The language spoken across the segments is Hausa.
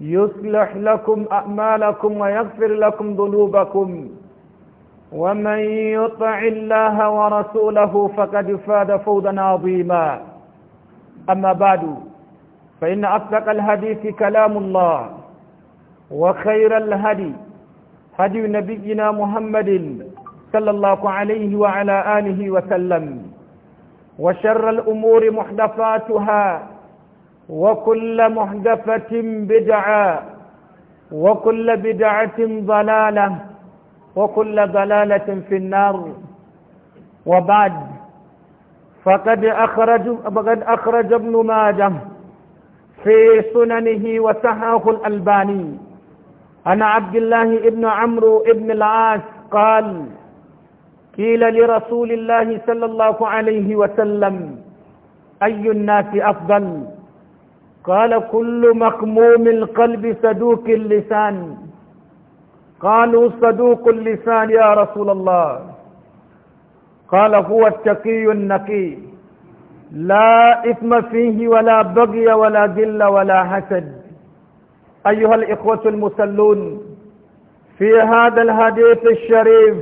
يصلح لكم أعمالكم ويغفر لكم ذنوبكم ومن يطع الله ورسوله فقد فاد فوزا عظيما أما بعد فإن أصدق الحديث كلام الله وخير الهدي هدي نبينا محمد صلى الله عليه وعلى آله وسلم وشر الأمور محدثاتها وكل محدثة بدعة وكل بدعة ضلالة وكل ضلالة في النار وبعد فقد أخرج, فقد أخرج ابن ماجه في سننه وسحاه الألباني عن عبد الله ابن عمرو ابن العاص قال قيل لرسول الله صلى الله عليه وسلم أي الناس أفضل؟ قال كل مقموم القلب صدوق اللسان قالوا صدوق اللسان يا رسول الله قال هو التقي النقي لا إثم فيه ولا بغي ولا ذل ولا حسد أيها الإخوة المسلون في هذا الحديث الشريف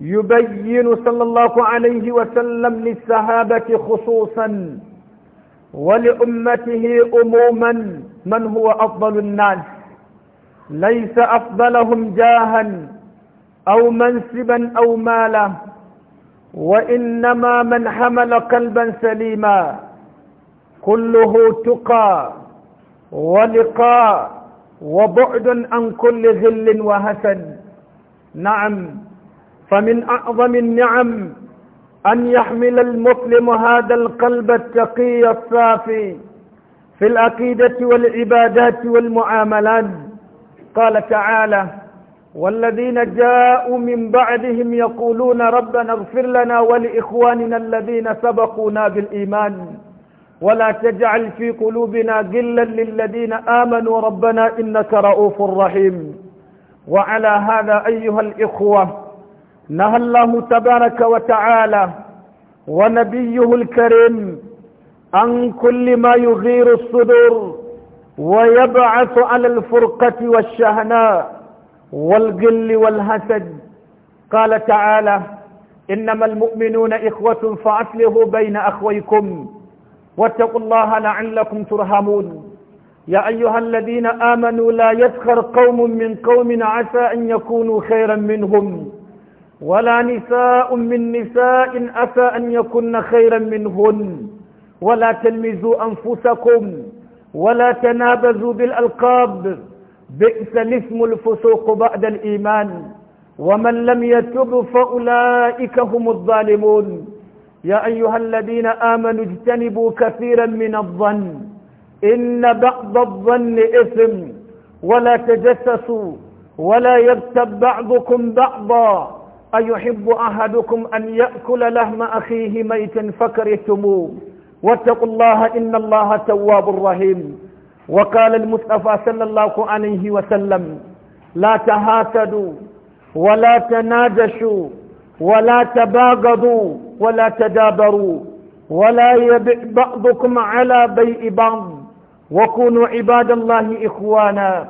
يبين صلى الله عليه وسلم للصحابة خصوصاً ولأمته أموما من هو أفضل الناس ليس أفضلهم جاها أو منسبا أو مالا وإنما من حمل قلبا سليما كله تقى ولقاء وبعد عن كل ذل وهسد نعم فمن أعظم النعم أن يحمل المسلم هذا القلب التقي الصافي في العقيدة والعبادات والمعاملات قال تعالى والذين جاءوا من بعدهم يقولون ربنا اغفر لنا ولإخواننا الذين سبقونا بالإيمان ولا تجعل في قلوبنا غلا للذين آمنوا ربنا إنك رؤوف رحيم وعلى هذا أيها الإخوة نهى الله تبارك وتعالى ونبيه الكريم عن كل ما يغير الصدور ويبعث على الفرقة والشهناء والقل والحسد قال تعالى إنما المؤمنون إخوة فأصلحوا بين أخويكم واتقوا الله لعلكم ترحمون يا أيها الذين آمنوا لا يسخر قوم من قوم عسى أن يكونوا خيرا منهم ولا نساء من نساء أفى أن يكن خيرا منهن ولا تلمزوا أنفسكم ولا تنابزوا بالألقاب بئس الاسم الفسوق بعد الإيمان ومن لم يتب فأولئك هم الظالمون يا أيها الذين آمنوا اجتنبوا كثيرا من الظن إن بعض الظن إثم ولا تجسسوا ولا يرتب بعضكم بعضا أيحب أحدكم أن يأكل لحم أخيه ميتا فكرهتموه واتقوا الله إن الله تواب رحيم وقال المصطفى صلى الله عليه وسلم لا تهاسدوا ولا تناجشوا ولا تباغضوا ولا تدابروا ولا يبع بعضكم على بيع بعض وكونوا عباد الله إخوانا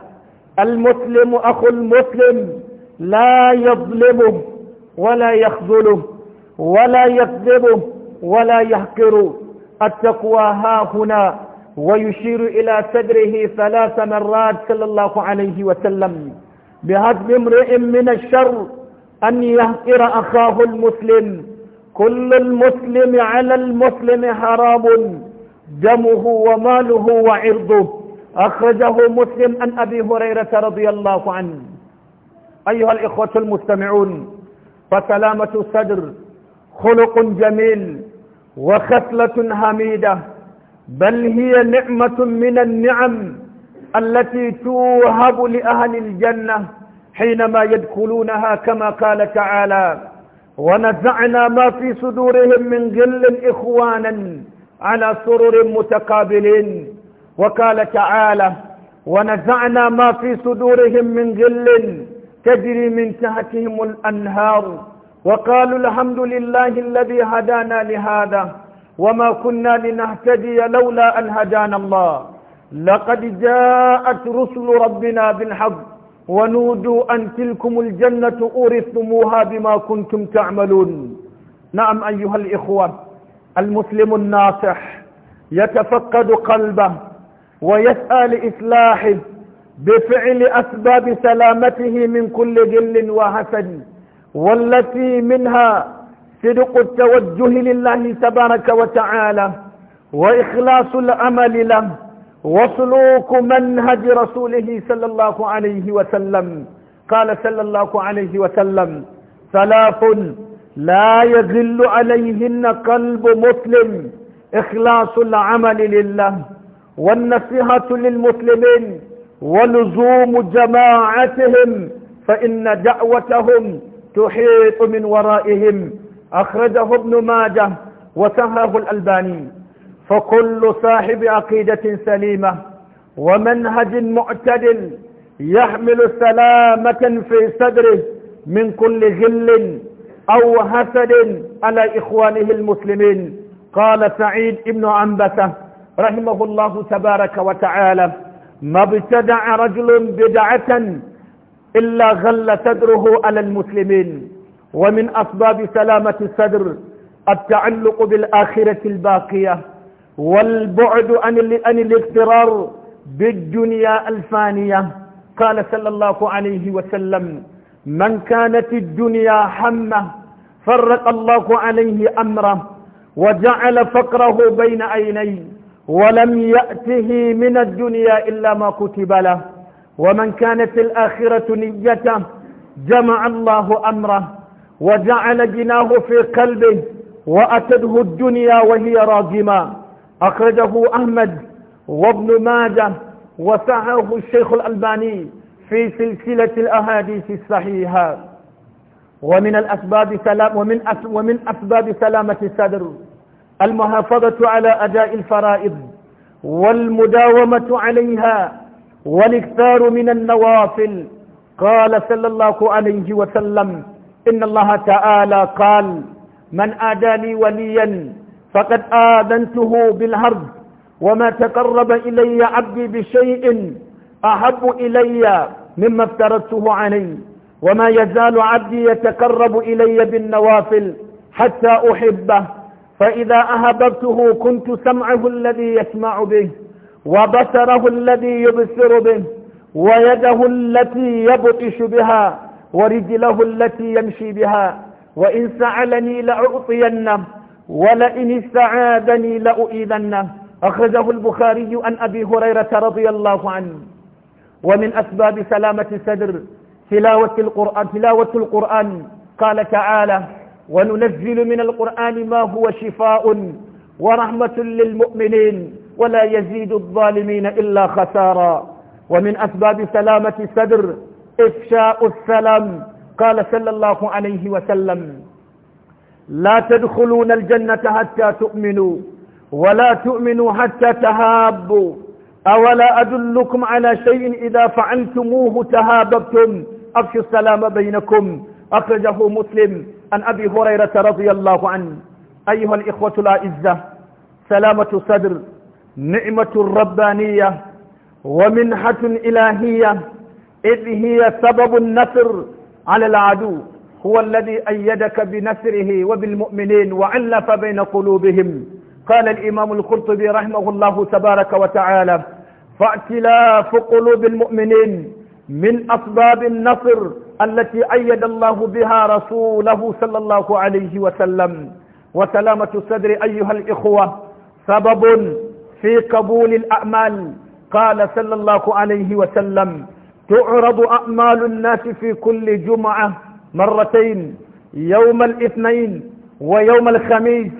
المسلم أخو المسلم لا يظلمه ولا يخذله ولا يكذبه ولا يحقره التقوى ها هنا ويشير إلى صدره ثلاث مرات صلى الله عليه وسلم بهدم امرئ من الشر أن يهقر أخاه المسلم كل المسلم على المسلم حرام دمه وماله وعرضه أخرجه مسلم عن أبي هريرة رضي الله عنه أيها الإخوة المستمعون فسلامة الصدر خلق جميل وخصلة حميدة بل هي نعمة من النعم التي توهب لأهل الجنة حينما يدخلونها كما قال تعالى ونزعنا ما في صدورهم من غل إخوانا على سرر متقابلين وقال تعالى ونزعنا ما في صدورهم من غل تجري من تحتهم الأنهار وقالوا الحمد لله الذي هدانا لهذا وما كنا لنهتدي لولا أن هدانا الله لقد جاءت رسل ربنا بالحق ونودوا أن تلكم الجنة أورثتموها بما كنتم تعملون نعم أيها الإخوة المسلم الناصح يتفقد قلبه ويسأل إصلاحه بفعل أسباب سلامته من كل جل وحسد والتي منها صدق التوجه لله تبارك وتعالى وإخلاص العمل له وسلوك منهج رسوله صلى الله عليه وسلم قال صلى الله عليه وسلم ثلاث لا يذل عليهن قلب مسلم إخلاص العمل لله والنصيحة للمسلمين ولزوم جماعتهم فإن دعوتهم تحيط من ورائهم أخرجه ابن ماجه وسهره الألباني فكل صاحب عقيدة سليمة ومنهج معتدل يحمل سلامة في صدره من كل غل أو حسد على إخوانه المسلمين قال سعيد ابن عنبسة رحمه الله تبارك وتعالى ما ابتدع رجل بدعة إلا غل صدره على المسلمين ومن أسباب سلامة الصدر التعلق بالآخرة الباقية والبعد عن عن الاغترار بالدنيا الفانية قال صلى الله عليه وسلم من كانت الدنيا حمه فرق الله عليه أمره وجعل فقره بين عينيه ولم يأته من الدنيا إلا ما كتب له ومن كانت الآخرة نيته جمع الله أمره وجعل جناه في قلبه وأتته الدنيا وهي راجمة أخرجه أحمد وابن ماجه وسعه الشيخ الألباني في سلسلة الأحاديث الصحيحة ومن الأسباب سلام ومن ومن أسباب سلامة الصدر المحافظة على أداء الفرائض والمداومة عليها والاكثار من النوافل قال صلى الله عليه وسلم إن الله تعالى قال من آداني وليا فقد آذنته بالهرب وما تقرب إلي عبدي بشيء أحب إلي مما افترضته عليه وما يزال عبدي يتقرب إلي بالنوافل حتى أحبه فإذا أهببته كنت سمعه الذي يسمع به وبصره الذي يبصر به ويده التي يبطش بها ورجله التي يمشي بها وإن سألني لأعطينه ولئن استعاذني لأؤيذنه أخرجه البخاري عن أبي هريرة رضي الله عنه ومن أسباب سلامة الصدر تلاوة القرآن, تلاوة القرآن قال تعالى وننزل من القرآن ما هو شفاء ورحمة للمؤمنين ولا يزيد الظالمين إلا خسارا ومن أسباب سلامة الصدر إفشاء السلام قال صلى الله عليه وسلم لا تدخلون الجنة حتى تؤمنوا ولا تؤمنوا حتى تهابوا أولا أدلكم على شيء إذا فعلتموه تهاببتم أفشوا السلام بينكم أخرجه مسلم عن أبي هريرة رضي الله عنه أيها الإخوة الأعزة سلامة صدر نعمة ربانية ومنحة إلهية إذ هي سبب النصر على العدو هو الذي أيدك بنصره وبالمؤمنين وعلف بين قلوبهم قال الإمام القرطبي رحمه الله تبارك وتعالى فاعتلاف قلوب المؤمنين من أسباب النصر التي أيد الله بها رسوله صلى الله عليه وسلم وسلامة الصدر أيها الإخوة سبب في قبول الأعمال قال صلى الله عليه وسلم تعرض أعمال الناس في كل جمعة مرتين يوم الاثنين ويوم الخميس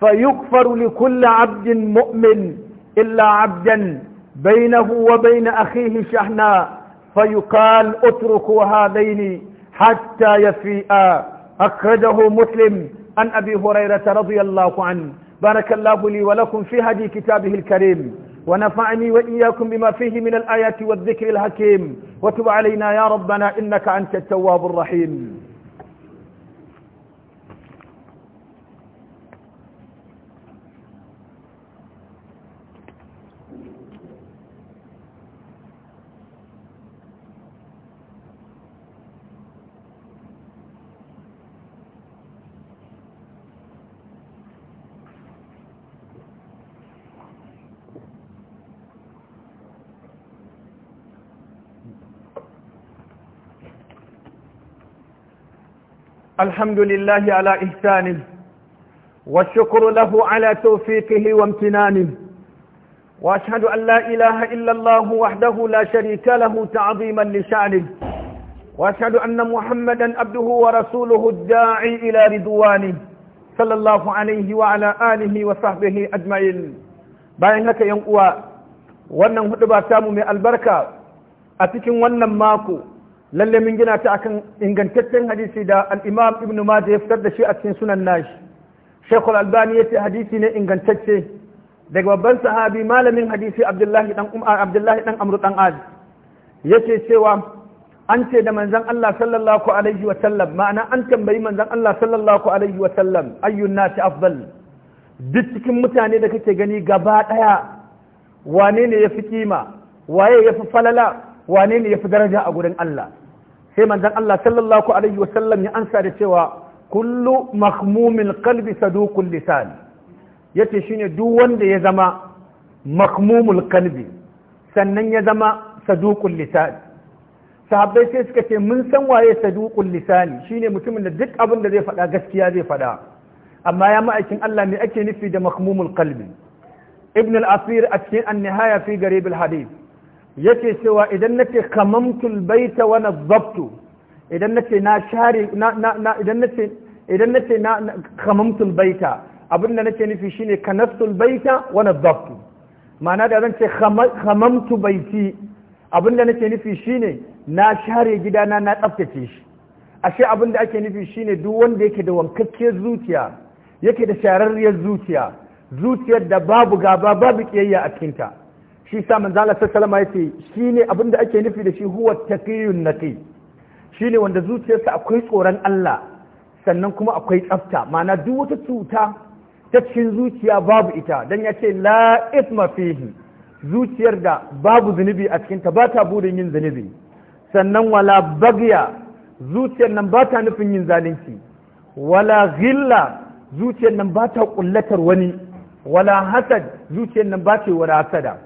فيغفر لكل عبد مؤمن إلا عبدا بينه وبين أخيه شحناء فيقال اتركوا هذين حتى يفيئا أخرجه مسلم عن أبي هريرة رضي الله عنه بارك الله لي ولكم في هدي كتابه الكريم ونفعني وإياكم بما فيه من الآيات والذكر الحكيم وتب علينا يا ربنا إنك أنت التواب الرحيم الحمد لله على إحسانه والشكر له على توفيقه وامتنانه وأشهد أن لا إله إلا الله وحده لا شريك له تعظيما لشأنه وأشهد أن محمدا عبده ورسوله الداعي إلى رضوانه صلى الله عليه وعلى آله وصحبه أجمعين bayan haka yan uwa wannan hudu ba samu mai albarka a cikin wannan mako lalle min gina ta akan ingantaccen hadisi da al-Imam Ibn Majah ya fitar da shi a cikin sunan nashi Sheikh Al-Albani ce hadisi ne ingantacce daga babban sahabi malamin hadisi Abdullahi dan Umar ah, Abdullahi dan Amr dan Az yace cewa an ce da manzon Allah sallallahu alaihi wa sallam ma'ana an tambayi manzon Allah sallallahu alaihi wa sallam ayyun nasi afdal duk cikin mutane da kake gani gaba daya wane ne yafi kima waye yafi falala wane ne yafi daraja a gurin Allah sai manzon Allah sallallahu alaihi sallam ya ansa da cewa kullu mahmumin qalbi saduqul lisan yace shine duk wanda ya zama mahmumul qalbi sannan ya zama saduqul lisan sahabbai sai suka ce mun san waye saduqul lisan shine mutumin da duk abin da zai faɗa gaskiya zai faɗa amma ya ma'aikin Allah me ake nufi da mahmumul qalbi ibn al-asir a cikin an-nihaya fi garib hadith yake cewa idan nace kamamtul baita wa nazabtu idan nace na share na na idan nace idan nake na kamamtul baita abinda nake nufi shine kanastul baita wa nazabtu ma'ana da zan ce kamamtu baiti abinda nake nufi shine na share gidana na tsaftace shi ashe abinda ake nufi shine duk wanda yake da wankakkiyar zuciya yake da shararriyar zuciya zuciyar da babu gaba babu kiyayya a cikinta shi sa manzala sallama yace shine abin da ake nufi da shi huwa naki shi ne wanda zuciyarsa akwai tsoron Allah sannan kuma akwai tsafta ma'ana duk wata cuta ta cikin zuciya babu ita dan yace la isma fihi zuciyar da babu zunubi a cikinta ba ta burin yin zunubi sannan wala bagya zuciyar nan ba ta nufin yin zalunci wala ghilla zuciyar nan ba ta kullatar wani wala hasad zuciyar nan ba ce wani hasada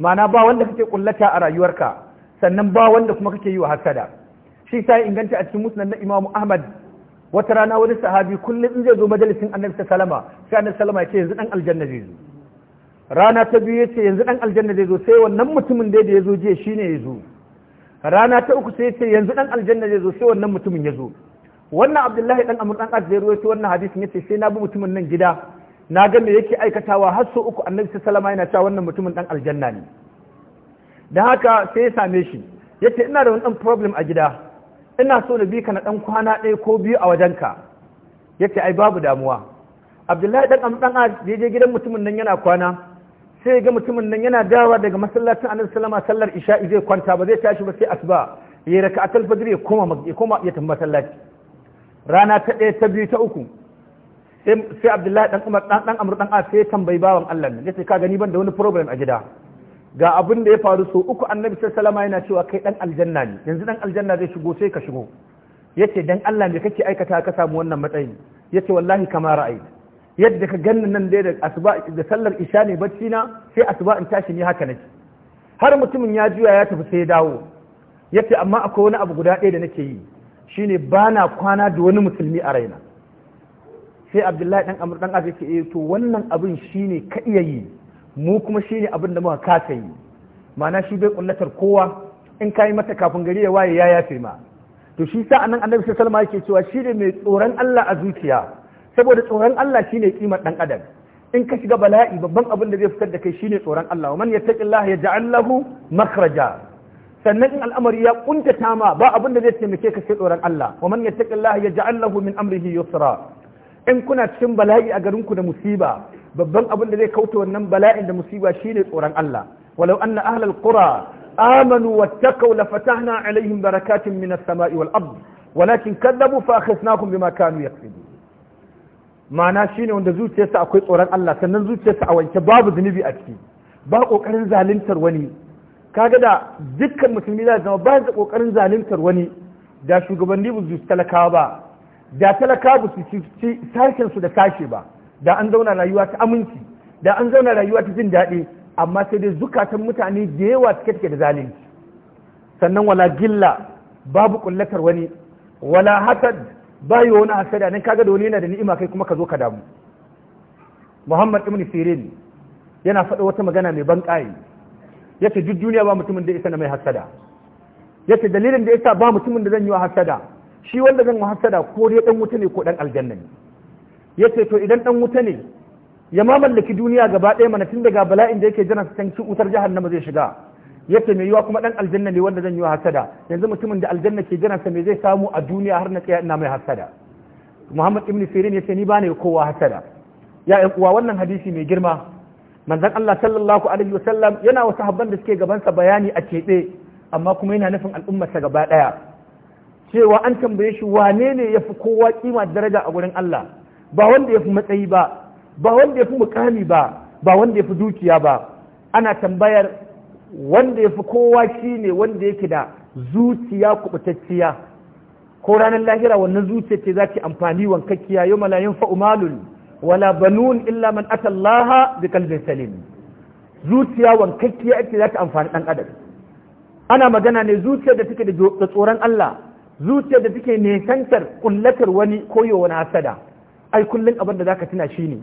ma'ana ba wanda kake kullata a rayuwarka sannan ba wanda kuma kake yi wa hasada shi ta inganta a cikin musnan na imamu Ahmad wata rana wani sahabi kullum in zai zo majalisin Annabi sallama sai Annabi sallama yace yanzu dan aljanna zai zo rana ta biyu yace yanzu dan aljanna zai zo sai wannan mutumin da ya zo jiya shine ya zo rana ta uku sai yace yanzu dan aljanna zai zo sai wannan mutumin ya zo wannan Abdullahi dan Amr dan Az ya ce wannan hadisin ne sai na bi mutumin nan gida na ga da yake aikatawa har su uku annabi sallama yana cewa wannan mutumin dan aljanna ne da haka sai ya same shi yace ina da wani dan problem a gida ina so na bi ka na dan kwana ɗaya ko biyu a wajenka yace ai babu damuwa abdullahi dan dan a je gidan mutumin nan yana kwana sai ga mutumin nan yana dawa daga masallacin annabi sallama sallar isha'i zai kwanta ba zai tashi ba sai asuba ya raka'atul fajr ya koma ya koma ya masallaci rana ta ɗaya ta biyu ta uku sai abdullahi dan umar dan amur dan a sai tambayi bawan Allah ne yace ka gani ban da wani problem a gida ga abin da ya faru so uku annabi sallallahu alaihi yana cewa kai dan aljanna ne yanzu dan aljanna zai shigo sai ka shigo yace dan Allah me kake aikata ka samu wannan matsayi yace wallahi kamar ra'ayi yadda ka ganni nan dai da asuba da sallar isha ne bacci na sai asuba in tashi ni haka nake har mutumin ya juya ya tafi sai ya dawo yace amma akwai wani abu guda ɗaya da nake yi shine bana kwana da wani musulmi a raina sai abdullahi dan amr dan azi ce eh, to wannan abin shine ka iya yi mu kuma shine abin da muka kasa yi ma'ana shi bai kullatar kowa in kai mata kafin gari ya waye ya yafe ma to shi sa anan annabi sallallahu alaihi yake cewa shi ne mai tsoron Allah a zuciya saboda tsoron Allah shine kimar dan adam in ka shiga bala'i babban abin da zai fitar da kai shine tsoron Allah man yattaqillaha yaj'al lahu makhraja sannan in al'amari ya kuntata ma ba abin da zai taimake ka sai tsoron Allah wa man yattaqillaha yaj'al lahu min amrihi yusra in kuna cikin bala'i a ku da musiba babban abin da zai kauta wannan bala'in da musiba shine tsoron Allah walau anna ahlal qura amanu wattaqu la fatahna alaihim barakatin minas sama'i wal ard walakin kadzabu fa akhasnakum bima kanu yaksibun ma'ana shine wanda zuciyarsa akwai tsoron Allah sannan zuciyarsa a wanke babu zunubi a ciki ba kokarin zaluntar wani kaga da dukkan musulmi da zama ba da kokarin zaluntar wani da shugabanni ba talakawa ba da talaka ba su ci sashen su da sashe ba da an zauna rayuwa ta aminci da an zauna rayuwa ta jin daɗi amma sai dai zukatan mutane da yawa suke take da zalunci sannan wala gilla babu kullatar wani wala hatad yi wani hasada nan kaga da wani yana da ni'ima kai kuma ka zo ka damu muhammad ibn sirin yana faɗa wata magana mai ban ƙayi yace duk duniya ba mutumin da isa na mai hasada yace dalilin da yasa ba mutumin da zan yi wa hasada shi wanda zan muhassada ko dai dan wuta ne ko dan aljanna ne yace to idan dan wuta ne ya mamallaki duniya gaba ɗaya mana tun daga bala'in da yake jiran san cin wutar jahannama zai shiga yace mai yiwa kuma dan aljanna ne wanda zan yi hasada yanzu mutumin da aljanna ke jiran sa me zai samu a duniya har na tsaya ina mai hasada Muhammad ibn Sirin yace ni bane kowa hasada ya ƴan uwa wannan hadisi mai girma manzon Allah sallallahu alaihi wasallam yana wasu habban da suke gabansa bayani a keɓe amma kuma yana nufin al'ummar sa gaba ɗaya cewa an tambaye shi wane ne ya fi kowa kima daraja a gurin Allah ba wanda ya fi matsayi ba ba wanda ya fi mukami ba ba wanda ya fi dukiya ba ana tambayar wanda ya fi kowa shi ne wanda yake da zuciya kubutacciya ko ranar lahira wannan zuciya ce za ta amfani wankakkiya yau malayin fa'umalun wala banun illa man atallaha bi kalbin salim zuciya wankakkiya ake za ta amfani dan adam ana magana ne zuciya da take da tsoron Allah zuciyar da take nesantar kullatar wani koyo wani hasada ai kullun abin da zaka tuna shine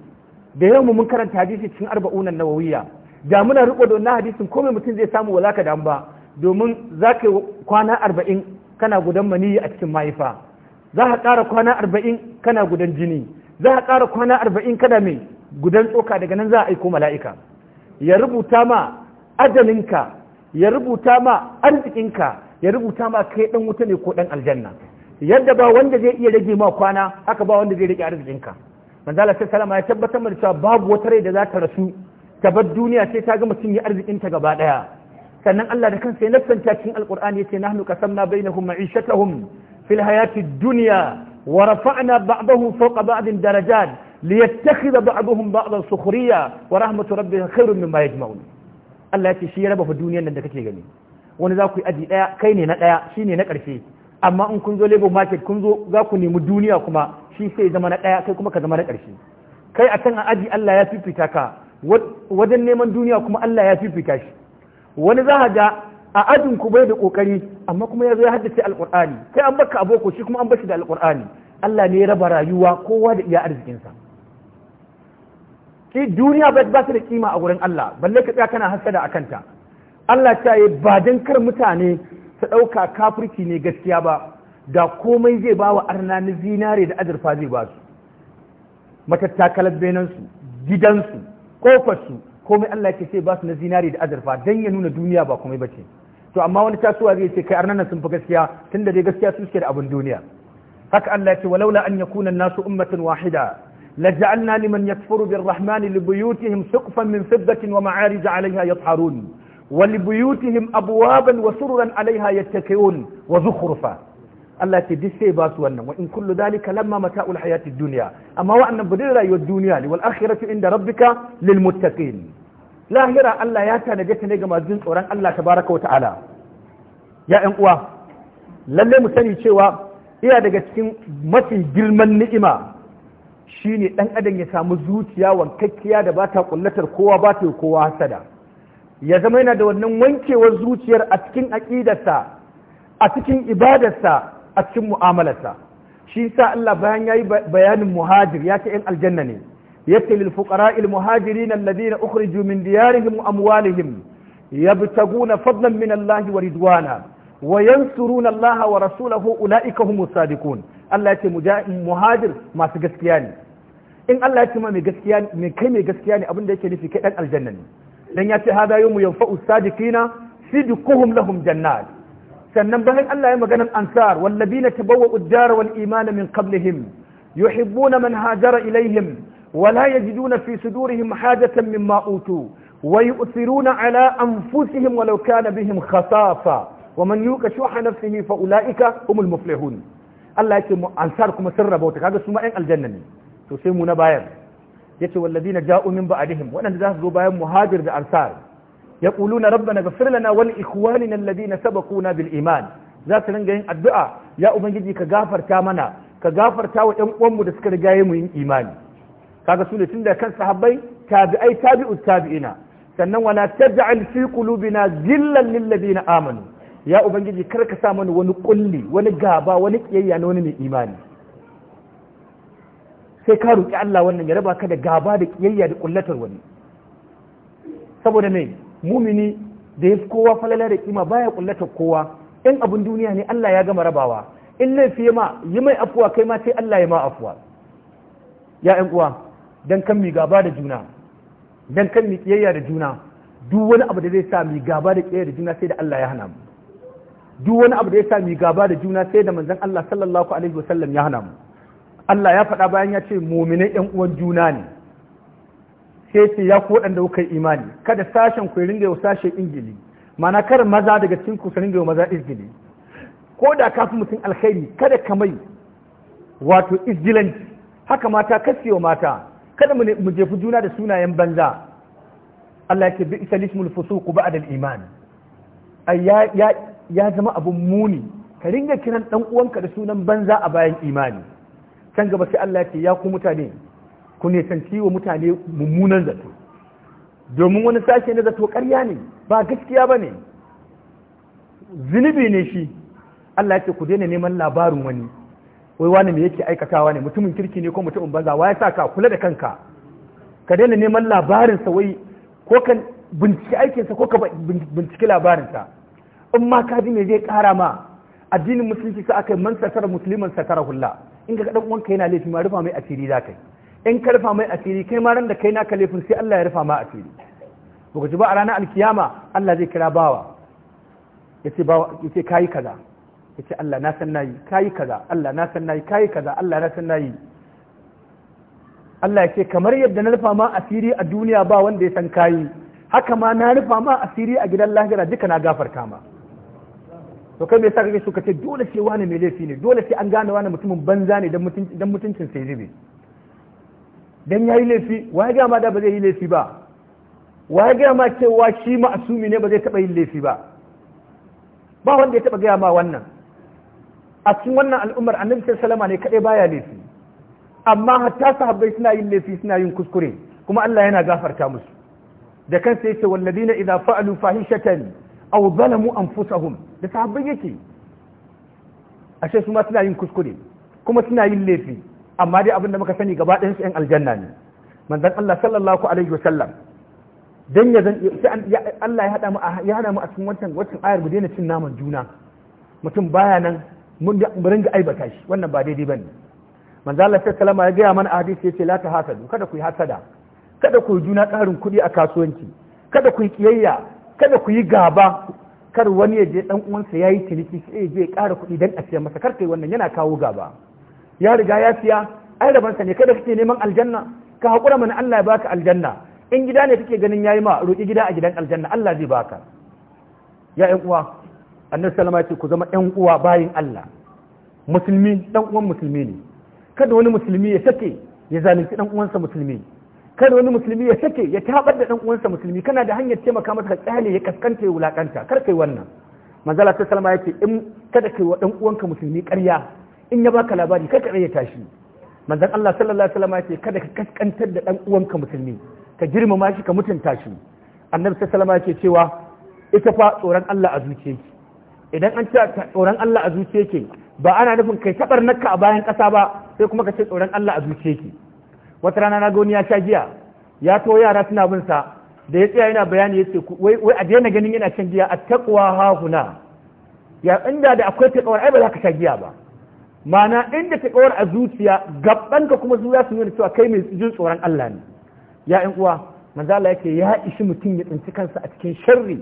da yau mun karanta hadisi cikin arba'unan nawawiyya da muna riko da wannan hadisin komai mutum zai samu wala ka damu ba domin zaka kwana arba'in kana gudan maniyyi a cikin mahaifa za ka ƙara kwana arba'in kana gudan jini za ka ƙara kwana arba'in kana mai gudan tsoka daga nan za a aiko mala'ika ya rubuta ma ajalinka ya rubuta ma arzikinka ya rubuta ma kai dan wuta ne ko dan aljanna yadda ba wanda zai iya rage ma kwana haka ba wanda zai rage arzikinka manzo sai Salama ya tabbatar da cewa babu wata rai da za ta rasu ta bar duniya sai ta ga mutum ya arzikin ta gaba daya sannan Allah da kansa ya nafsanta cikin alqur'ani yace nahnu qasamna bainahum ma'ishatahum fil hayati dunya wa rafa'na ba'dahum fawqa ba'din darajat liyattakhidha ba'dahum ba'dan sukhriya wa rahmatu rabbika khairun mimma yajma'un Allah ce shi ya raba duniyar nan da kake gani wani za ku yi aji ɗaya kai ne na ɗaya shi ne na ƙarshe amma in kun zo labor market kun zo za ku nemi duniya kuma shi sai zama na ɗaya kai kuma ka zama na ƙarshe kai a can a aji Allah ya fifita ka wajen neman duniya kuma Allah ya fifita shi wani za ga a ajin ku bai da kokari amma kuma ya zo ya haddace alqur'ani kai an baka aboko shi kuma an bashi da alqur'ani Allah ne ya raba rayuwa kowa da iya arzikinsa ki duniya ba ta da kima a gurin Allah balle ka tsaya kana hasada akanta Allah ta yi ba don kar mutane su ɗauka kafirci ne gaskiya ba da komai zai ba wa arna na zinare da azurfa zai ba su matattakalar benansu gidansu kofarsu komai Allah ke sai ba su na zinare da azurfa don ya nuna duniya ba komai ba ce to amma wani tasowa zai ce kai arnana sun fi gaskiya tun da dai gaskiya su suke da abin duniya haka Allah ya ce walaula an yakuna nasu ummatan wahida لجعلنا لمن يكفر بالرحمن لبيوتهم سقفا من فضة ومعارج عليها يطهرون ولبيوتهم أبوابا وسررا عليها يتكئون وزخرفا Allah ce duk sai ba su wannan wa in kullu dalika lamma mata'ul hayatid dunya amma wa'annan budin rayuwar duniya ne wal akhiratu inda rabbika lil muttaqin lahira Allah ya tanaje ta ne ga masu tsoron Allah tabaraka wa ta'ala ya ƴan uwa lalle mu sani cewa iya daga cikin mafi girman ni'ima shine dan adam ya samu zuciya wankakkiya da ba ta kullatar kowa ba ta kowa hasada ya zama yana da wannan wankewar zuciyar a cikin aƙidarsa a cikin ibadarsa a cikin mu'amalarsa shi sa Allah bayan yayi bayanin muhajir ya ce 'yan aljanna ne yace lil fuqara al muhajirin alladhina ukhriju min diyarihim wa amwalihim yabtaguna fadlan min Allah wa ridwana wa yansuruna Allah wa rasulahu ulaika humus sadiqun Allah ya ce muhajir masu gaskiya ne in Allah ya ce mai gaskiya ne kai mai gaskiya ne abin da yake nufi kai dan aljanna ne dan ya ce hada yawmu yanfa'u sadiqina sidquhum lahum jannat sannan bayan Allah ya maganan ansar wallabina tabawwa'u ad-dara wal imana min qablihim yuhibbuna man hajara ilaihim ولا يجدون في صدورهم حاجة مما أوتوا ويؤثرون على أنفسهم ولو كان بهم خصاصة ومن يوق شح نفسه فأولئك هم المفلحون الله يكي أنصاركم سر بوتك هذا سماء الجنة تسمون باير yace wallazina ba a ba'dihim waɗanda za su zo bayan muhajir da ansar yaquluna rabbana wani lana wal ikhwanina na sabaquna bil iman za su ringa yin addu'a ya ubangiji ka gafarta mana ka gafarta wa ƴan uwanmu da suka riga mu yin imani kaga su ne tun da kan sahabbai tabi'ai tabi'u tabi'ina sannan wala taj'al fi qulubina zillan lil ladina amanu ya ubangiji kar ka sa mana wani kulli wani gaba wani kiyayya na wani mai imani sai ka roƙi Allah wannan ya raba ka da gaba da kiyayya da kullatar wani saboda me mumini da yafi kowa falala da kima baya kullatar kowa in abin duniya ne Allah ya gama rabawa in laifi ma yi mai afuwa kai ma sai Allah ya ma afuwa ya ƴan uwa dan kan mi gaba da juna dan kan mi kiyayya da juna duk wani abu da zai sa mi gaba da kiyayya da juna sai da Allah ya hana mu duk wani abu da ya sa mi gaba da juna sai da manzon Allah sallallahu alaihi wasallam ya hana mu Allah ya faɗa bayan ya ce muminai ‘yan uwan juna ne sai ce ya ku waɗanda kuka yi imani kada sashen ku ringa yau sashen ingili mana kar maza daga cikin ku su ringa yau maza izgili ko da ka mutum alkhairi kada ka mai wato izgilanci haka mata kasi wa mata kada mu jefi juna da sunayen banza Allah yake bi isa lismul fusuq ku al-iman ai ya zama abun muni ka ringa kiran dan uwanka da sunan banza a bayan imani can gaba sai Allah ya ce ya ku mutane ku ne wa mutane mummunan zato domin wani sashe na zato ƙarya ne ba gaskiya ba ne zunubi ne shi Allah ya ce ku daina neman labarin wani wai wani me yake aikatawa ne mutumin kirki ne ko mutumin banza wa ya sa ka kula da kanka ka daina neman labarinsa wai ko ka binciki aikinsa ko ka binciki labarinsa in ma ka ji me zai kara ma addinin musulunci sa aka yi man satara sa satara hulla in ka dan uwanka yana laifi ma rufa mai asiri za ka yi in ka rufa mai asiri kai ma ran da kai naka laifin sai Allah ya rufa ma asiri ku ji ba a ranar alkiyama Allah zai kira bawa yace bawa yace kai kaza yace Allah na san nayi kai kaza Allah na san nayi kai kaza Allah na san nayi Allah ya ce kamar yadda na rufa ma asiri a duniya ba wanda ya san kayi haka ma na rufa ma asiri a gidan lahira duka na gafarta ma to kai me yasa kake so ka ce dole sai wani mai laifi ne dole sai an gane wani mutumin banza ne dan mutuncin sai zube dan yayi laifi waye ga ma da ba zai yi laifi ba waye ga ma cewa shi ma'asumi ne ba zai taba yin laifi ba ba wanda ya taba gaya ma wannan a cikin wannan al'ummar annabi sallallahu ne kadai baya laifi amma hatta sahabbai suna yin laifi suna yin kuskure kuma Allah yana gafarta musu da kansa yace walladina idza fa'alu fahishatan aw zalamu anfusahum da sahabbai yake ashe su ma suna yin kuskure kuma suna yin laifi amma dai abin da muka sani gaba ɗayan su ɗan aljanna ne manzon Allah sallallahu alaihi wa sallam. dan ya Allah ya hada mu ya hada mu a cikin wancan wancan ayar mu daina cin naman juna mutum baya nan mun ringa aibata shi wannan ba daidai bane manzon Allah sallallahu alaihi wa sallam ya gaya mana hadisi yace la ta hasadu kada ku yi hasada kada ku juna ƙarin kuɗi a kasuwanci kada ku yi kiyayya kada ku yi gaba kar wani ya je dan uwansa yayi ciniki sai ya je ya ƙara kuɗi dan a siya masa kar kai wannan yana kawo gaba ya riga ya siya ai rabansa ne kada kake neman aljanna ka haƙura mana Allah ya baka aljanna in gida ne kake ganin yayi ma roki gida a gidan aljanna Allah zai baka ya ƴan uwa annabi sallama ce ku zama ƴan uwa bayin Allah musulmi dan uwan musulmi ne kada wani musulmi ya sake ya zalunci dan uwansa musulmi kada wani musulmi ya sake ya tabar da dan uwansa musulmi kana da hanyar taimaka masa tsale ya kaskanta ya wulakanta kar kai wannan manzala ta ya yace in kada kai wa dan uwanka musulmi ƙarya in ya baka labari kar ka ya tashi manzon Allah sallallahu alaihi wasallam yace kada ka kaskantar da dan uwanka musulmi ka girmama shi ka mutunta shi annabi sallallahu alaihi wasallam yace cewa ita fa tsoron Allah a zuciyarki idan an ce tsoron Allah a zuciyarki ba ana nufin kai tabar nakka a bayan ƙasa ba sai kuma ka ce tsoron Allah a zuciyarki wata rana na goni ya sha giya ya to yara suna bin sa da ya tsaya yana bayani ya ce wai a daina ganin yana shan giya a takwa hahuna ya inda da akwai takawar ai ba za ka sha giya ba Ma'ana inda takawar a zuciya gaban ka kuma zuwa su nuna cewa kai mai jin tsoron Allah ne ya in uwa manzo Allah yake ya ishi mutum ya tsinci kansa a cikin sharri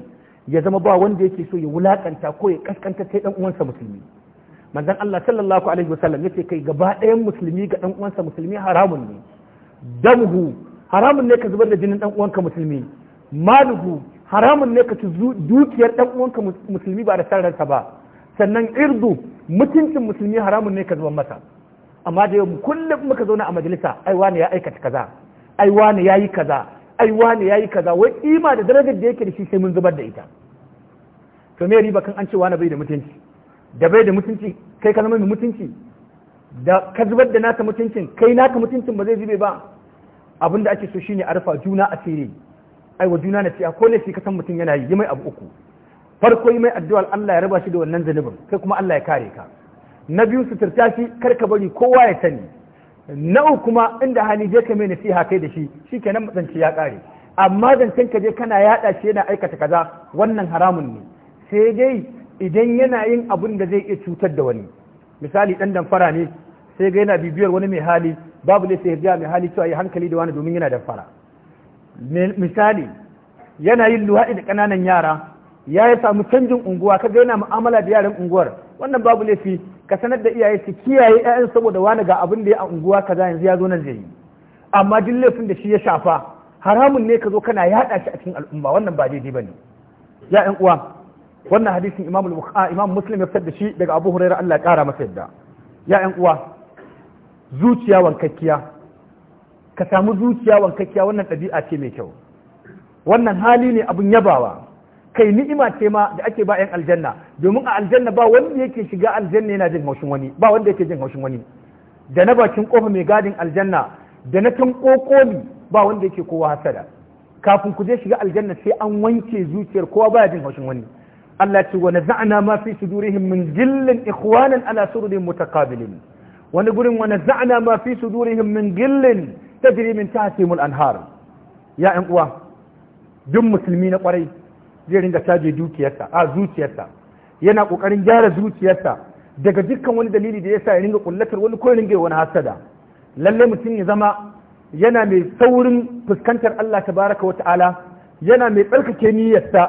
ya zama ba wanda yake so ya wulakanta ko ya kaskanta sai dan uwansa musulmi manzon Allah sallallahu alaihi wasallam yace kai gaba ɗayan musulmi ga dan uwansa musulmi haramun ne damhu haramun ne ka zubar da jinin dan uwanka musulmi maluhu haramun ne ka ci dukiyar dan uwanka musulmi ba da sararsa ba sannan irdu mutuncin musulmi haramun ne ka zubar masa amma da yau kullum muka zauna a majalisa ai wani ya aikata kaza ai wani ya yi kaza ai wani ya yi kaza wai kima da darajar da yake da shi sai mun zubar da ita to me riba kan an ce wani bai da mutunci da bai da mutunci kai ka zama mai mutunci da ka zubar da naka mutuncin kai naka mutuncin ba zai zube ba abin da ake so shine a rufa juna a a ai wa juna a ko ne ka san mutum yana yi mai abu uku farko yi mai addu'a Allah ya raba shi da wannan zanubin kai kuma Allah ya kare ka na biyu turta shi kar ka bari kowa ya sani na uku kuma inda hali je ka mai nasiha kai da shi shikenan mutunci ya kare amma zancen ka je kana yada shi yana aikata kaza wannan haramun ne sai dai idan yana yin abun da zai iya cutar da wani misali dan damfara ne sai ga yana bibiyar wani mai hali babu ne sai ya mai hali cewa ya hankali da wani domin yana da fara misali yana yin luwaɗi da ƙananan yara ya yi samu canjin unguwa ka ga yana mu'amala da yaran unguwar wannan babu laifi ka sanar da iyaye su kiyaye 'ya'yan saboda wani ga abin da ya a unguwa kaza yanzu ya zo nan zai yi amma duk laifin da shi ya shafa haramun ne ka zo kana yaɗa shi a cikin al'umma wannan ba daidai ne ya ƴan uwa wannan hadisin imam muslim ya fitar da shi daga abu hurairah Allah ya kara masa yadda ya ƴan uwa zuciya wankakkiya ka samu zuciya wankakkiya wannan ɗabi'a ce mai kyau wannan hali ne abun yabawa kai ni'ima ce ma da ake ba 'yan aljanna domin a aljanna ba wanda yake shiga aljanna yana jin haushin wani ba wanda yake jin haushin wani da na bakin kofa mai gadin aljanna da na tan kokoli ba wanda yake kowa hasada kafin ku je shiga aljanna sai an wanke zuciyar kowa baya jin haushin wani Allah ce wa naza'na ma fi sudurihim min jillin ikhwanan ala sururin mutaqabilin wani gurin wani za'ana ma fi sudurihim min gillin ta jiri min mul anhar ya uwa duk musulmi na kwarai zai ringa caje dukiyarsa a zuciyarsa yana kokarin gyara zuciyarsa daga dukkan wani dalili da ya sa ya ringa kullatar wani ko ringa wani hasada lalle mutum ya zama yana mai saurin fuskantar Allah ta tabaraka wata'ala yana mai tsarkake niyyarsa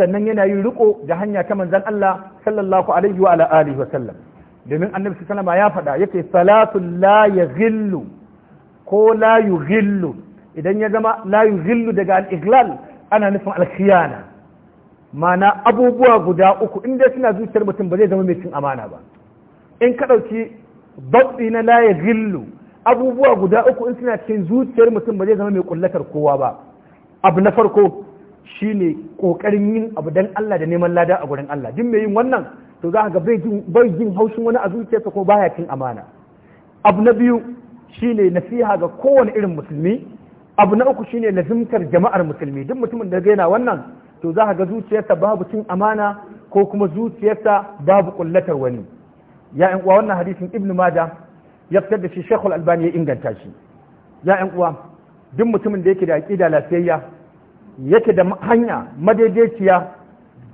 sannan yana yin riko da hanya ta manzon Allah sallallahu alaihi wa alihi wa sallam domin annabi sanama ya faɗa kai salatun la zillu ko la zillu idan ya zama la zillu daga al ana nufin al-khiyana mana abubuwa guda uku inda suna zuciyar mutum ba zai zama mai cin amana ba in ka ɗauki batsi na la zillu abubuwa guda uku in suna cikin zuciyar mutum ba zai zama mai kullatar kowa ba abu na farko shine kokarin yin abu dan Allah da neman lada a gurin Allah duk mai yin wannan to za ga bai jin haushin wani a zuciyarsa ko baya cin amana abu na biyu shine nasiha ga kowane irin musulmi abu na uku shine lazimtar jama'ar musulmi duk mutumin da yana wannan to za ga zuciyarsa babu cin amana ko kuma zuciyarsa babu kullatar wani ya uwa wannan hadisin ibnu mada ya fitar da shi shekul albani ya inganta shi ya uwa duk mutumin da yake da aƙida lafiyayya yake da hanya madaidaiciya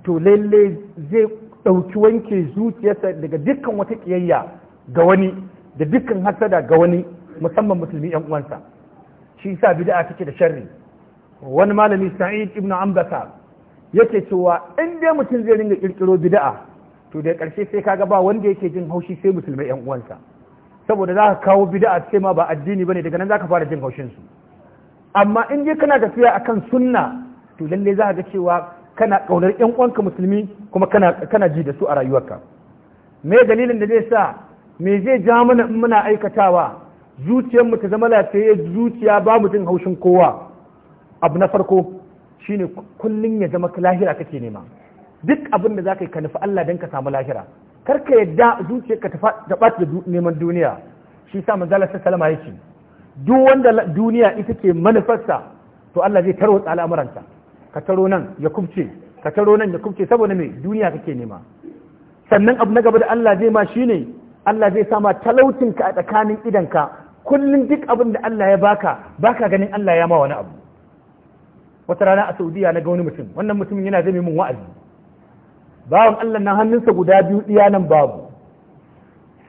to lalle zai ɗauki wanke zuciyarsa daga dukkan wata ƙiyayya ga wani da dukkan hasada ga wani musamman musulmi yan uwansa shi yasa bid'a take da sharri wani malami Sa'id ibn Ambasa yake cewa in dai mutum zai ringa kirkiro bid'a to da ƙarshe sai kaga ba wanda yake jin haushi sai musulmai yan uwansa saboda za ka kawo bid'a sai ma ba addini bane daga nan za ka fara jin haushin su amma in dai kana tafiya akan sunna to lalle za ka ga cewa kana kaunar yan uwanka musulmi kuma kana kana ji da su a rayuwarka me dalilin da zai sa me zai ja mana in muna aikatawa zuciyarmu ta zama lafiya zuciya ba mu jin haushin kowa abu na farko shine kullun ya zama lahira kake nema duk abin da zaka yi ka nufi Allah dan ka samu lahira kar ka yadda zuciyarka ta ɓata da neman duniya shi sa manzala ya yake duk wanda duniya ita ke manufarsa to Allah zai tarwatsa al'amuranta ka taro nan ya kubce ka nan ya kubce saboda me duniya kake nema sannan abu na gaba da Allah zai ma shi ne Allah zai sama talautin ka a tsakanin idanka kullum duk abin da Allah ya baka baka ganin Allah ya ma wani abu wata rana a Saudiya na ga wani mutum wannan mutumin yana zai min wa'azi bawan Allah nan hannunsa guda biyu iya nan babu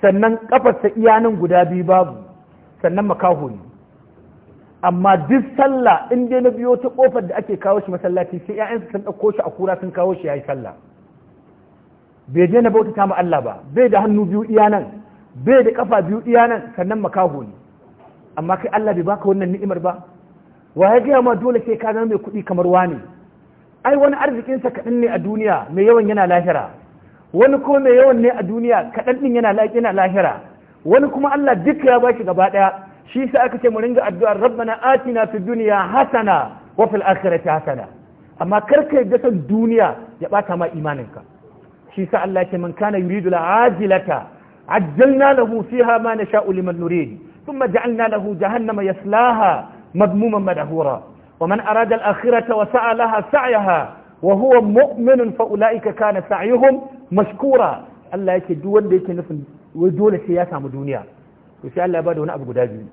sannan kafarsa iya nan guda biyu babu sannan makaho ne amma duk sallah in dai na biyo ta kofar da ake kawo shi masallaci sai ƴaƴansa sun ɗauko shi a kura sun kawo shi yayi sallah bai je na bautata ma Allah ba bai da hannu biyu iya nan bai da kafa biyu iya nan sannan makaho ne amma kai Allah bai baka wannan ni'imar ba wa ya gaya ma dole sai ka zama mai kuɗi kamar wani ai wani arzikin sa kaɗan ne a duniya mai yawan yana lahira wani kuma mai yawan ne a duniya kaɗan ɗin yana lahira wani kuma Allah duka ya bashi gaba ɗaya shi sa aka ce mu ringa addu'a rabbana atina fi dunya hasana wa fil akhirati hasana amma kar ka yarda san duniya ya bata ma imaninka shi sa Allah ya ce man kana yuridu al-ajilata ajjalna lahu fiha ma nasha'u liman nurid thumma ja'alna lahu jahannama yaslaha madmuman madahura wa man arada al-akhirata wa sa'a laha sa'yaha wa huwa mu'minun fa ulaika kana sa'yuhum mashkura Allah yake duk wanda yake nufin dole sai ya samu duniya to sai Allah ya bada wani abu guda biyu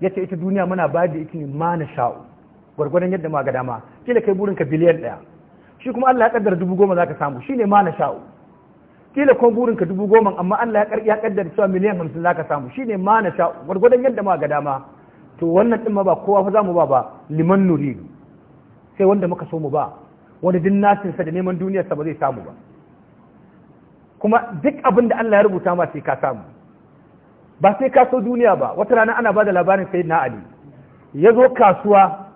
yace ita duniya muna ba da ita ne ma na sha'u gwargwadon yadda ma ga dama kila kai burin ka biliyan ɗaya shi kuma Allah ya kaddara dubu goma zaka samu shine ma na sha'u kila kuma burin ka dubu goma amma Allah ya kaddara cewa miliyan hamsin zaka samu shine ma na sha'u gwargwadon yadda ma ga dama to wannan din ma ba kowa fa zamu ba ba liman nuridu sai wanda muka so mu ba wani din nasinsa da neman duniyarsa ba zai samu ba kuma duk abin da Allah ya rubuta ma sai ka samu ba sai ka so duniya ba wata rana ana bada labarin sai na ali ya zo kasuwa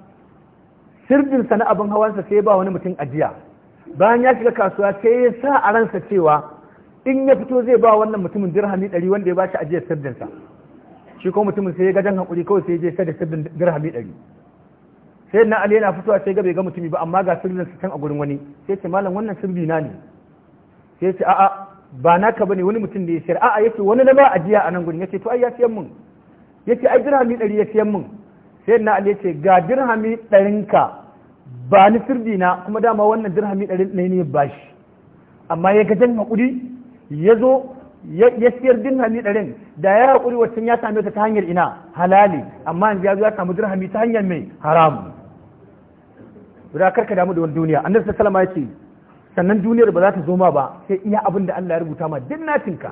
sa na abin hawansa sai ba wani mutum ajiya bayan ya shiga kasuwa sai ya sa a ransa cewa in ya fito zai ba wannan mutumin dirhami ɗari wanda ya ba shi ajiyar sa shi ko mutumin sai ya gajan hakuri kawai sai ya je sada sirdin dirhami ɗari sai na ali yana fitowa sai gabe ga mutumi ba amma ga sirdinsa can a gurin wani sai ce malam wannan sirri na ne sai ce a'a ba naka bane wani mutum da ya sayar a'a yace wani na ba ajiya a nan gurin yace to ai ya siyan mun yace ai dirhami 100 ya siyan mun sai na Ali yace ga dirhami 100 ka ba ni sirdi na kuma dama wannan dirhami 100 ne ne ba shi amma ya ga jan hakuri ya zo ya siyar dirhami 100 da ya hakuri wacce ya same ta ta hanyar ina halali amma yanzu ya zo ya samu dirhami ta hanyar mai haramu. Bura karka damu da wani duniya, annabi sallallahu alaihi wasallam ya ce sannan duniyar ba za ta zo ma ba sai iya abin da Allah ya rubuta ma duk ka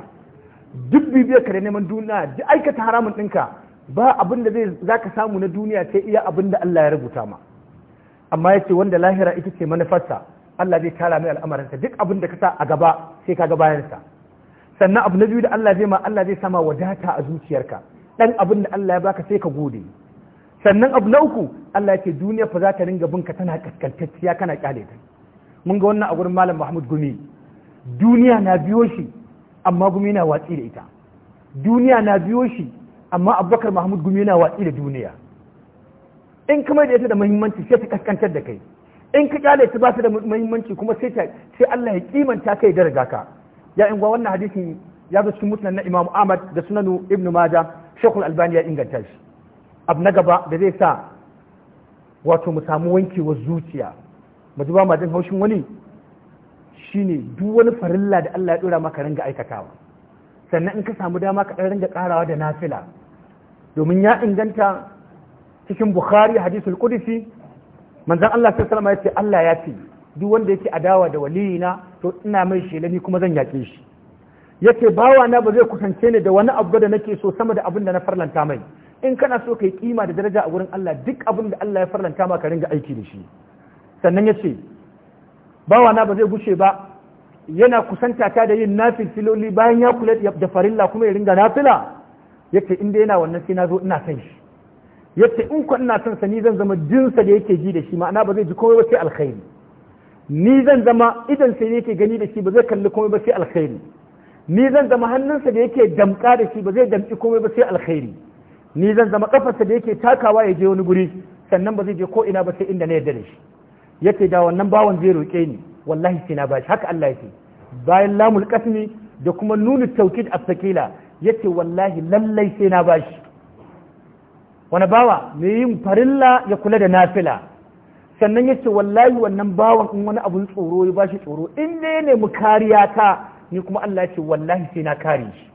duk bibiyar ka da neman duniya duk aikata haramun ɗinka ba abin da zai zaka samu na duniya sai iya abin da Allah ya rubuta ma amma yace wanda lahira ita ce manufarsa Allah zai tara mai al'amarinsa duk abin da ka sa a gaba sai ka ga bayansa sannan abu na biyu da Allah zai ma Allah zai sama wadata a zuciyarka dan abin da Allah ya baka sai ka gode sannan abu na uku Allah ya ce duniya fa za ta ringa binka tana kaskantacciya kana kyale ta mun ga wannan a gurin malam mahmud gumi duniya na biyo shi amma gumi na watsi da ita duniya na biyo shi amma abubakar mahmud gumi na watsi da duniya in kuma da ita da muhimmanci sai ta kaskantar da kai in ka kyale ta ba ta da muhimmanci kuma sai Allah ya kimanta kai da riga ka ya in wannan hadisi ya zo cikin mutanen na Imam Ahmad da Sunanu ibnu maja shekul Albani ya inganta shi abu na gaba da zai sa wato mu samu wankewar zuciya ba ji ba ma jin haushin wani shine duk wani farilla da Allah ya dora maka ringa aikatawa sannan in ka samu dama ka dan ringa karawa da nafila domin ya inganta cikin Bukhari hadisul qudsi manzon Allah sallallahu alaihi ya ce Allah ya ce duk wanda yake adawa da waliyina to ina mai shelani kuma zan yake shi yace bawa na ba zai kusance ni da wani abu da nake so sama da abin da na farlanta mai in kana so kai kima da daraja a wurin Allah duk abin da Allah ya farlanta maka ringa aiki da shi sannan ya ce bawana ba zai gushe ba yana kusanta ta da yin nafil filoli bayan ya kula da farilla kuma ya ringa nafila yake inda yana wannan sai na zo ina san shi yace in ko ina son sa ni zan zama jinsa da yake ji da shi ma'ana ba zai ji komai ba sai alkhairi ni zan zama idan sai yake gani da shi ba zai kalli komai ba sai alkhairi ni zan zama hannunsa da yake damka da shi ba zai damki komai ba sai alkhairi ni zan zama kafarsa da yake takawa ya je wani guri sannan ba zai je ko ina ba sai inda na yarda da shi yace da wannan bawan zai roƙe ni wallahi sai na bashi haka Allah yake bayan lamul qasmi da kuma nunu tawkid as-sakila yace wallahi lallai sai na bashi wani bawa mai yin farilla ya kula da nafila sannan yace wallahi wannan bawan in wani abun tsoro ya bashi tsoro in ne ne mu kariya ta ni kuma Allah ya wallahi sai na kare shi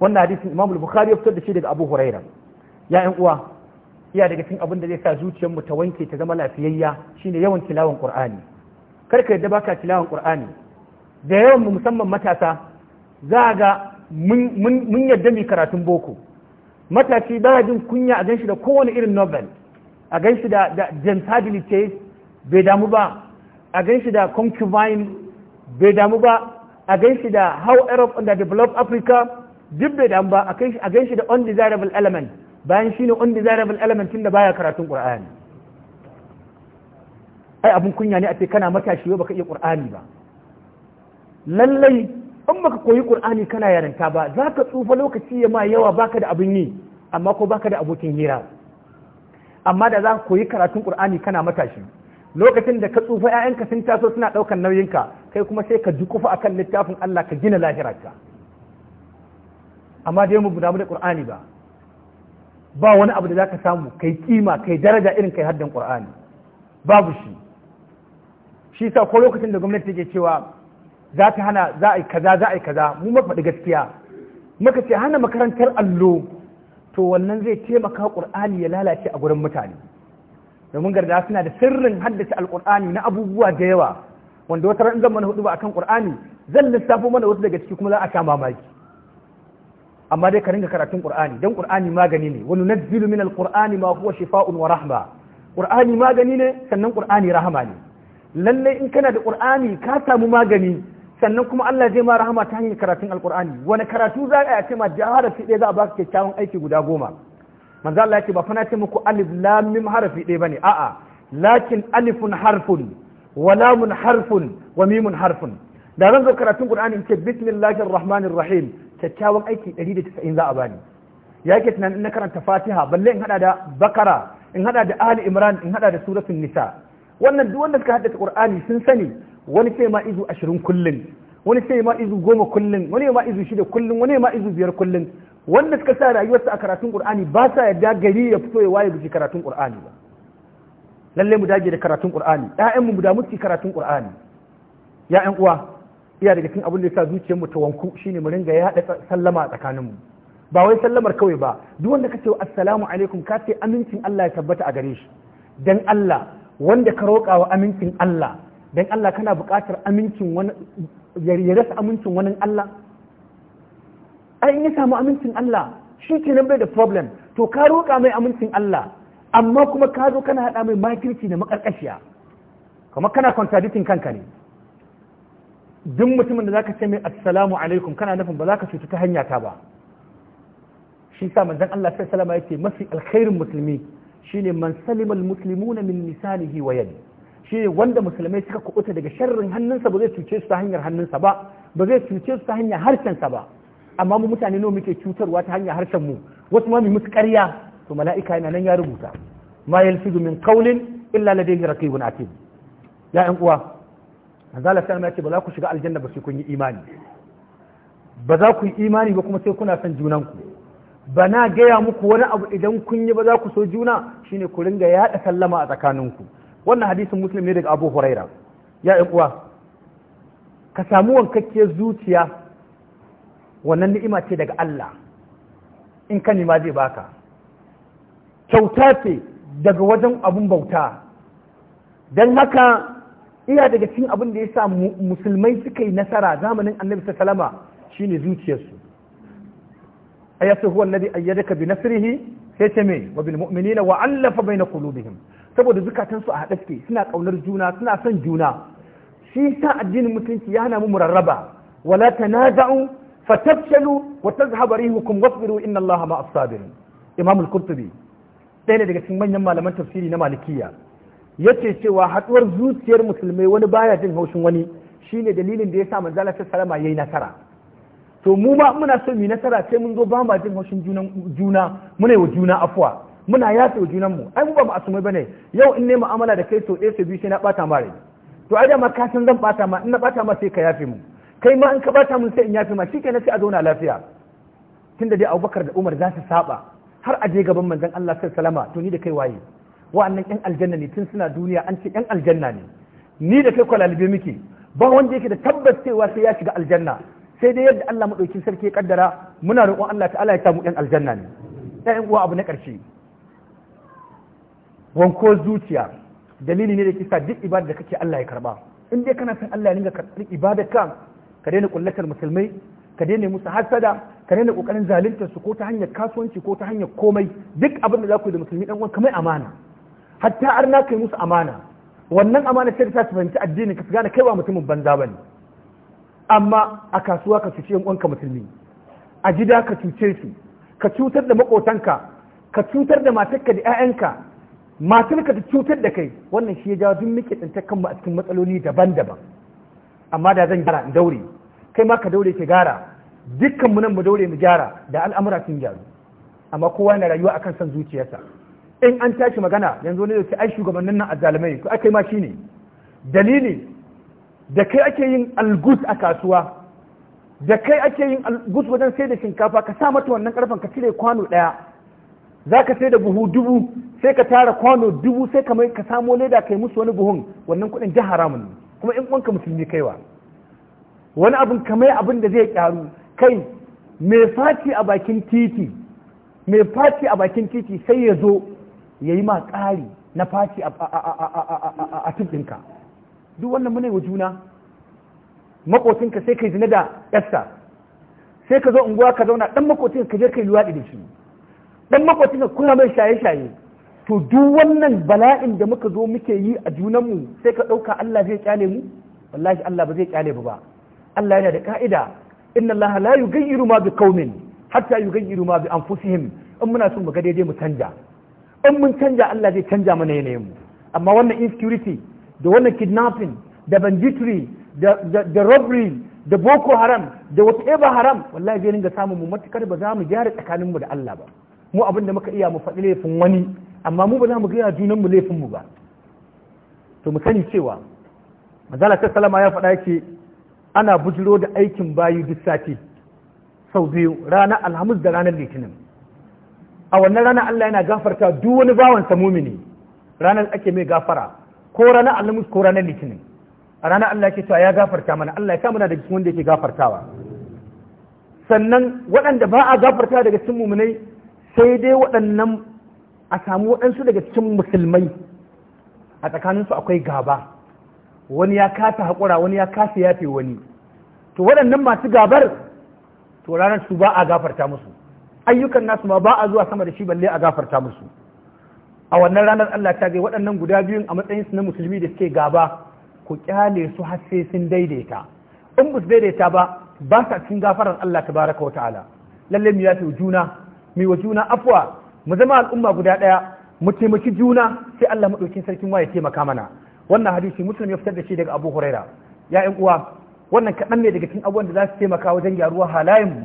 wannan hadisin Imam Bukhari ya fitar da shi daga Abu Hurairah ya uwa iya daga cikin abin da zai sa zuciyar mu ta wanke ta zama lafiyayya shine yawan tilawan Qur'ani kar ka yadda baka tilawan Qur'ani da yawan mu musamman matasa za a ga mun yadda mu karatun boko matashi ba jin kunya a ganshi da kowane irin novel a ganshi da da ce bai damu ba a ganshi da concubine bai damu ba a ganshi da how Europe under develop Africa duk bai damu ba a ganshi da undesirable element bayan shi ne zai element tun da baya karatun ƙur'ani ai abin kunya ne a ce kana matashi yau baka iya ƙur'ani ba lallai in baka koyi ƙur'ani kana yaranta ba za ka tsufa lokaci ya ma yawa baka da abin yi amma ko baka da abokin hira amma da za ka koyi karatun ƙur'ani kana matashi lokacin da ka tsufa 'ya'yanka sun taso suna ɗaukar nauyinka kai kuma sai ka dukufa akan littafin Allah ka gina lahirarka amma dai mu da ƙur'ani ba ba wani abu da za ka samu kai kima kai daraja irin kai haddan qur'ani babu shi shi sa ko lokacin da gwamnati take cewa za ta hana za a yi kaza za a yi kaza mu mafaɗi gaskiya muka ce hana makarantar allo to wannan zai taimaka qur'ani ya lalace a gurin mutane domin garda suna da sirrin haddace alqur'ani na abubuwa da yawa wanda wata ran zan mana hudu ba akan ƙur'ani zan lissafo mana wasu daga ciki kuma za a sha mamaki amma dai ka ringa karatun qur'ani dan qur'ani magani ne wa nunazzilu min alqur'ani ma huwa shifa'un wa rahma qur'ani magani ne sannan qur'ani rahama ne lalle in kana da qur'ani ka samu magani sannan kuma Allah zai ma rahama ta hanyar karatun alqur'ani wani karatu za a ce ma harafi ɗaya za a baka kyakkyawan aiki guda goma manzo Allah yake ba fa na ce muku alif lam mim harafi ɗaya bane a'a lakin alifun harfun wa lamun harfun wa mimun harfun da zan zo karatun qur'ani in ce bismillahir rahmanir rahim kyakkyawan aiki 190 za a bani ya ke tunanin na karanta fatiha balle in hada da bakara in hada da Ali imran in hada da suratun nisa wannan duk wanda suka da qur'ani sun sani wani sai ma izu 20 kullun wani sai ma izu 10 kullun wani ma izu 6 kullun wani ma izu 5 kullun wanda suka sa rayuwarsa a karatun qur'ani ba sa yadda gari ya fito ya waye biki karatun qur'ani ba lalle mu dage da karatun qur'ani ƴaƴan mu da muke karatun qur'ani ya ƴan uwa iya daga cikin abin da yasa zuciyar mu ta wanku shine mu ringa yaɗa sallama a tsakanin mu ba wai sallamar kawai ba duk wanda kace assalamu alaikum ka ce amincin Allah ya tabbata a gare shi dan Allah wanda ka roƙa wa amincin Allah dan Allah kana buƙatar amincin wani ya rasa amincin wani Allah ai in ya samu amincin Allah shi ke nan bai da problem to ka roƙa mai amincin Allah amma kuma ka zo kana haɗa mai makirci da maƙarƙashiya kamar kana contradicting kanka ne duk mutumin da zaka ce mai assalamu alaikum kana nufin ba za ka cutu ta hanya ta ba shi sa manzon Allah sai salama yake mafi alkhairin musulmi shine man salimal na min lisanihi wa yadi shine wanda musulmai suka kubuta daga sharrin hannunsa ba zai cuce su ta hanyar hannunsa ba ba zai cuce su ta hanyar harshensa ba amma mu mutane nawa muke cutarwa ta hanyar harshen mu wasu ma mu musu ƙarya to mala'ika yana nan ya rubuta ma yalfidu min qawlin illa ladayhi raqibun atid ya ƴan uwa Azala ta ya ce ba za ku shiga aljanna ba sai kun yi imani ba za ku yi imani ba kuma sai kuna son junanku ba na gaya muku wani abu idan kun yi ba za ku so juna shine ku ringa yaɗa sallama a tsakaninku wannan hadisin muslim ne daga abu huraira ya yan uwa ka samu wankakkiyar zuciya wannan ni'ima ce daga Allah in ka nima zai baka kyauta ce daga wajen abun bauta dan haka iya daga cikin abin da ya sa musulmai suka yi nasara zamanin annabi ta salama shine zuciyarsu ayatu huwa alladhi ayyadaka bi nasrihi sai ce mai wa bil mu'minina wa allafa baina qulubihim saboda zukatan su a haɗa suke suna kaunar juna suna son juna shi sa addinin musulunci ya hana mu murarraba wala tanaza'u fatafshalu wa tazhaba rihukum wasbiru inna allaha ma'as sabirin imam al-qurtubi ɗaya ne daga cikin manyan malaman tafsiri na malikiya yace cewa haduwar zuciyar musulmai wani baya jin haushin wani shi ne dalilin da ya sa manzala ta salama ya yi nasara to mu ma muna so mu nasara sai mun zo ba ma jin haushin juna muna wa juna afwa muna yafe wa junanmu ai mu ba mu asumai bane yau in ne mu'amala da kai to ɗaya sai biyu sai na bata ma rai to ai da ma ka zan bata ma in na bata ma sai ka yafe mu kai ma in ka bata mun sai in yafe ma shi kenan sai a zauna lafiya tunda dai Abubakar da Umar za su saba har a je gaban manzon Allah sai salama to ni da kai waye wa'annan yan aljanna ne tun suna duniya an ce yan aljanna ne ni da kai kwalalibe muke ba wanda yake da tabbas cewa sai ya shiga aljanna sai dai yadda Allah madaukin sarki ya kaddara muna roƙon Allah ta'ala ya samu yan aljanna ne ɗayan uwa abu na ƙarshe wanko zuciya dalili ne da kisa duk ibada da kake Allah ya karba in dai kana san Allah ya ringa karɓar ibada ka ka daina kullatar musulmai ka daina musu hasada ka daina kokarin zaluntar su ko ta hanyar kasuwanci ko ta hanyar komai duk abin da za ku yi da musulmi dan uwan kamar amana hatta na kai musu amana wannan amana sai ta fahimci addini ka gane kai ba mutumin banza ba ne. amma a kasuwa ka cuce uwanka musulmi a gida ka cuce su ka cutar da makotanka ka cutar da matarka da 'ya'yanka matarka ta cutar da kai wannan shi ya jawo duk muke tsintar kanmu a cikin matsaloli daban-daban amma da zan gyara daure kai ma ka daure ki gyara dukkan mu nan mu daure mu gyara da al'amura sun gyaru amma kowa na rayuwa akan son zuciyarsa in an tashi magana yanzu ne ce ai shugabannin nan azzalumai to akai ma shine dalili da kai ake yin algus a kasuwa da kai ake yin algus wajen sai da shinkafa ka sa mata wannan karfan ka cire kwano daya za ka sai da buhu dubu sai ka tara kwano dubu sai ka mai ka samo leda kai musu wani buhun wannan kuɗin ji haramun kuma in uwanka musulmi kaiwa wani abin kamar abin da zai kyaru kai mai faci a bakin titi mai faci a bakin titi sai ya zo ya yi ma ƙari na faci a tun ɗinka duk wannan muna wa juna makotinka sai ka yi zina da ƙasa sai ka zo unguwa ka zauna ɗan makotinka ka je ka yi luwaɗi da shi ɗan makotinka kuna mai shaye-shaye to duk wannan bala'in da muka zo muke yi a junanmu sai ka ɗauka Allah zai kyale mu wallahi Allah ba zai kyale mu ba Allah yana da ka'ida inna Allah la yughayyiru ma bi kaumin, hatta yughayyiru ma bi anfusihim in muna son mu ga daidai mu canja in mun canja Allah zai canja mana yanayin mu amma wannan insecurity da wannan kidnapping da banditry da robbery da boko haram da whatever haram wallahi zai ringa samun mu matukar ba za mu gyara tsakanin mu da Allah ba mu abin da muka iya mu faɗi laifin wani amma mu ba za mu gaya junan mu laifin mu ba to mu sani cewa manzala ta salama ya faɗa yake ana bujiro da aikin bayi duk sati sau biyu ranar alhamis da ranar litinin a wannan rana Allah yana gafarta duk wani bawan sa mumini ranar ake mai gafara ko ranar alhamis ko ranar litinin a ranar Allah yake cewa ya gafarta mana Allah ya kama da cikin wanda yake gafartawa sannan waɗanda ba a gafarta daga cikin muminai sai dai waɗannan a samu waɗansu daga cikin musulmai a tsakaninsu akwai gaba wani ya kasa haƙura wani ya kasa yafe wani to waɗannan masu gabar to ranar su ba a gafarta musu ayyukan nasu ma ba a zuwa sama da shi balle a gafarta musu a wannan ranar Allah ta ga waɗannan guda biyun a matsayin su na musulmi da suke gaba ku kyale su har sai sun daidaita in ba daidaita ba ba sa cikin gafarar Allah tabaraka wa ta'ala lalle mu yafi juna mu wa juna afwa mu zama al'umma guda ɗaya mu taimaki juna sai Allah madaukin sarkin waye taimaka mana wannan hadisi musulmi ya fitar da shi daga Abu Huraira ya ƴan uwa wannan kaɗan ne daga cikin abubuwan da za su taimaka wajen gyaruwa halayen mu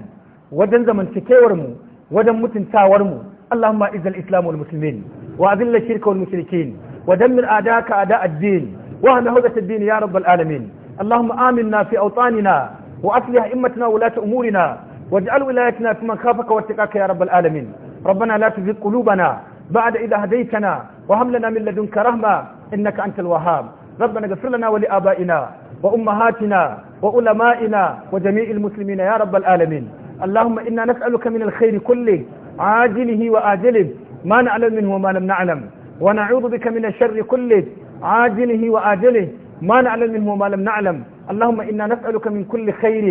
wajen zamantakewar mu wajen mutuntawar mu Allahumma izal islam wal muslimin wa azil shirka wal mushrikin wa dammir a'daka a'da ad-din wa hana hawdat ad-din ya rabbal alamin Allahumma aminna fi awtanina wa aslih immatana wa lati umurina waj'al wilayatina fi man khafaka wattaqaka ya rabbal alamin ربنا لا تزغ قلوبنا بعد إذا هديتنا وهب لنا من لدنك رحمة إنك أنت الوهاب ربنا اغفر لنا ولآبائنا وأمهاتنا وعلمائنا وجميع المسلمين يا رب العالمين اللهم إنا نسألك من الخير كله عاجله وآجله ما نعلم منه وما لم نعلم ونعوذ بك من الشر كله عاجله وآجله ما نعلم منه وما لم نعلم اللهم إنا نسألك من كل خير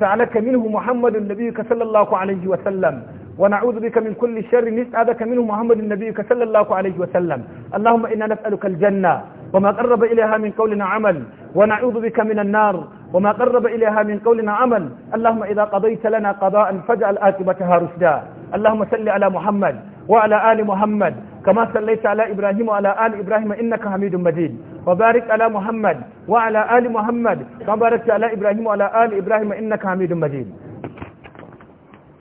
سألك منه محمد نبيك صلى الله عليه وسلم ونعوذ بك من كل شر نسألك منه محمد نبيك صلى الله عليه وسلم اللهم إنا نسألك الجنة وما قرب إليها من قول عمل ونعوذ بك من النار وما قرب إليها من قول عمل اللهم إذا قضيت لنا قضاء فاجعل آتبتها رشدا اللهم صل على محمد وعلى آل محمد كما صليت على إبراهيم وعلى آل إبراهيم إنك حميد مجيد وبارك على محمد وعلى آل محمد كما باركت على إبراهيم وعلى آل إبراهيم إنك حميد مجيد